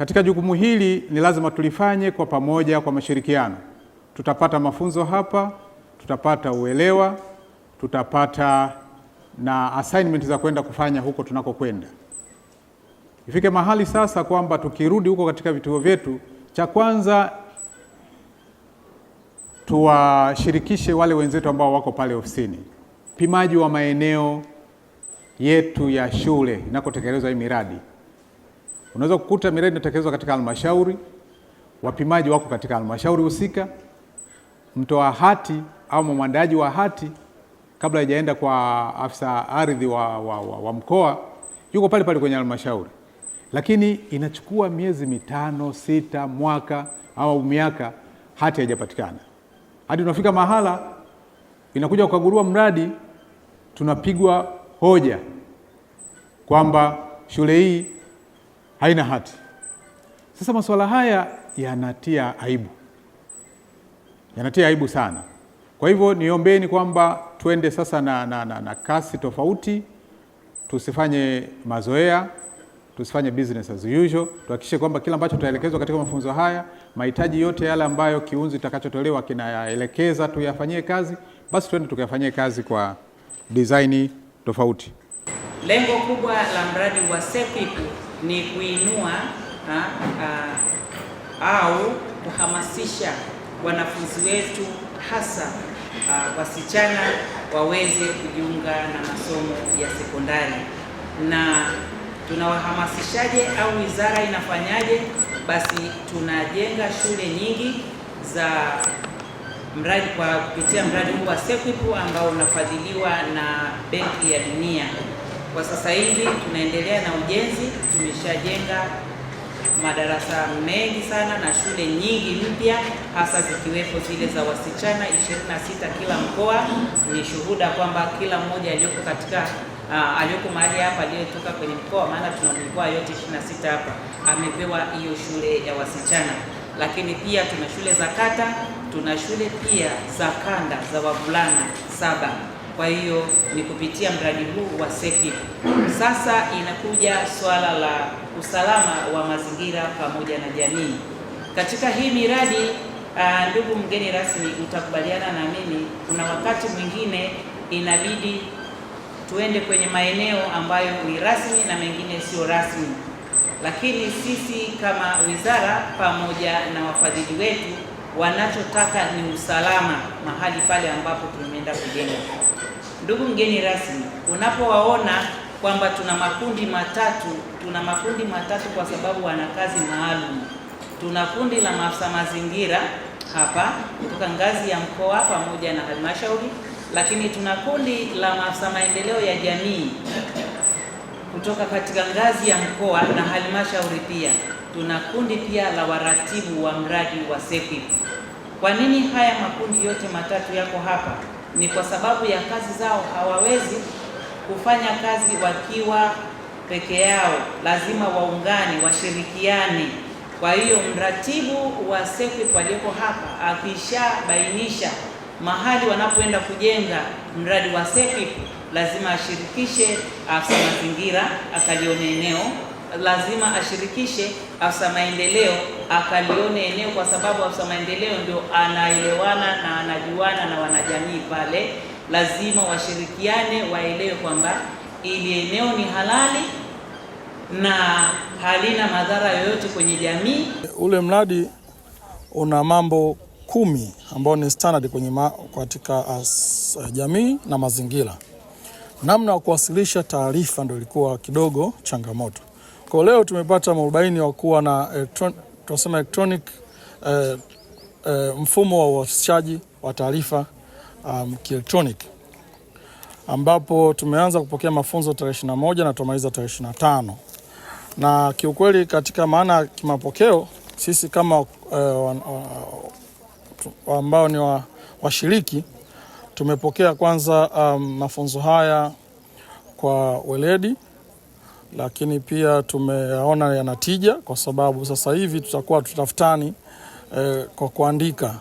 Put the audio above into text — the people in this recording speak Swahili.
Katika jukumu hili ni lazima tulifanye kwa pamoja, kwa mashirikiano. Tutapata mafunzo hapa, tutapata uelewa, tutapata na assignment za kwenda kufanya huko tunakokwenda. Ifike mahali sasa kwamba tukirudi huko katika vituo vyetu, cha kwanza tuwashirikishe wale wenzetu ambao wako pale ofisini, upimaji wa maeneo yetu ya shule inakotekelezwa hii miradi. Unaweza kukuta miradi inatekelezwa katika halmashauri, wapimaji wako katika halmashauri husika, mtoa hati au mwandaaji wa hati kabla haijaenda kwa afisa ardhi wa, wa, wa, wa mkoa yuko pale pale kwenye halmashauri, lakini inachukua miezi mitano, sita, mwaka au miaka hati haijapatikana, hadi tunafika mahala inakuja kukagurua mradi, tunapigwa hoja kwamba shule hii haina hati. Sasa masuala haya yanatia aibu, yanatia aibu sana. Kwa hivyo niombeni kwamba tuende sasa na, na, na, na kasi tofauti, tusifanye mazoea, tusifanye business as usual, tuhakikishe kwamba kila ambacho tutaelekezwa katika mafunzo haya, mahitaji yote yale ambayo kiunzi itakachotolewa kinayaelekeza tuyafanyie kazi, basi tuende tukayafanyie kazi kwa design tofauti. Lengo kubwa la mradi wa CEPIP ni kuinua ha, ha, au kuhamasisha wanafunzi wetu hasa ha, wasichana waweze kujiunga na masomo ya sekondari. Na tunawahamasishaje au wizara inafanyaje? Basi tunajenga shule nyingi za mradi kwa kupitia mradi huu wa SEQUIP ambao unafadhiliwa na Benki ya Dunia. Kwa sasa hivi tunaendelea na ujenzi, tumeshajenga madarasa mengi sana na shule nyingi mpya, hasa zikiwepo zile za wasichana 26 kila mkoa. Ni shuhuda kwamba kila mmoja aliyoko katika Uh, aliyoko mahali hapa aliyetoka kwenye mkoa, maana tuna mikoa yote 26 hapa, amepewa hiyo shule ya wasichana. Lakini pia tuna shule za kata, tuna shule pia za kanda za wavulana saba. Kwa hiyo ni kupitia mradi huu wa SEQUIP. Sasa inakuja swala la usalama wa mazingira pamoja na jamii katika hii miradi. Uh, ndugu mgeni rasmi, utakubaliana na mimi, kuna wakati mwingine inabidi tuende kwenye maeneo ambayo ni rasmi na mengine sio rasmi, lakini sisi kama wizara pamoja na wafadhili wetu wanachotaka ni usalama mahali pale ambapo tumeenda kujenga. Ndugu mgeni rasmi, unapowaona kwamba tuna makundi matatu, tuna makundi matatu kwa sababu wana kazi maalum. Tuna kundi la maafisa mazingira hapa kutoka ngazi ya mkoa pamoja na halmashauri, lakini tuna kundi la maafisa maendeleo ya jamii kutoka katika ngazi ya mkoa na halmashauri. Pia tuna kundi pia la waratibu wa mradi wa SEQUIP. Kwa nini haya makundi yote matatu yako hapa? ni kwa sababu ya kazi zao, hawawezi kufanya kazi wakiwa peke yao, lazima waungane, washirikiane. Kwa hiyo mratibu wa SEQUIP aliyeko hapa akishabainisha mahali wanapoenda kujenga mradi wa SEQUIP, lazima ashirikishe afisa mazingira akalione eneo, lazima ashirikishe afisa maendeleo akalione eneo, kwa sababu afisa maendeleo ndio anaelewana na jamii pale lazima washirikiane, waelewe kwamba ili eneo ni halali na halina madhara yoyote kwenye jamii. Ule mradi una mambo kumi ambayo ni standard kwenye ma, katika as, jamii na mazingira. Namna ya kuwasilisha taarifa ndio ilikuwa kidogo changamoto. Kwa leo tumepata mwarobaini wa kuwa na tunasema electronic uh, uh, mfumo wa uwasilishaji wa taarifa um, kielektroniki ambapo tumeanza kupokea mafunzo tarehe ishirini na moja na tumaliza tarehe ishirini na tano na kiukweli katika maana ya kimapokeo sisi kama uh, ambao ni washiriki wa tumepokea kwanza um, mafunzo haya kwa weledi, lakini pia tumeyaona yanatija kwa sababu sasa hivi tutakuwa tutafutani eh, kwa kuandika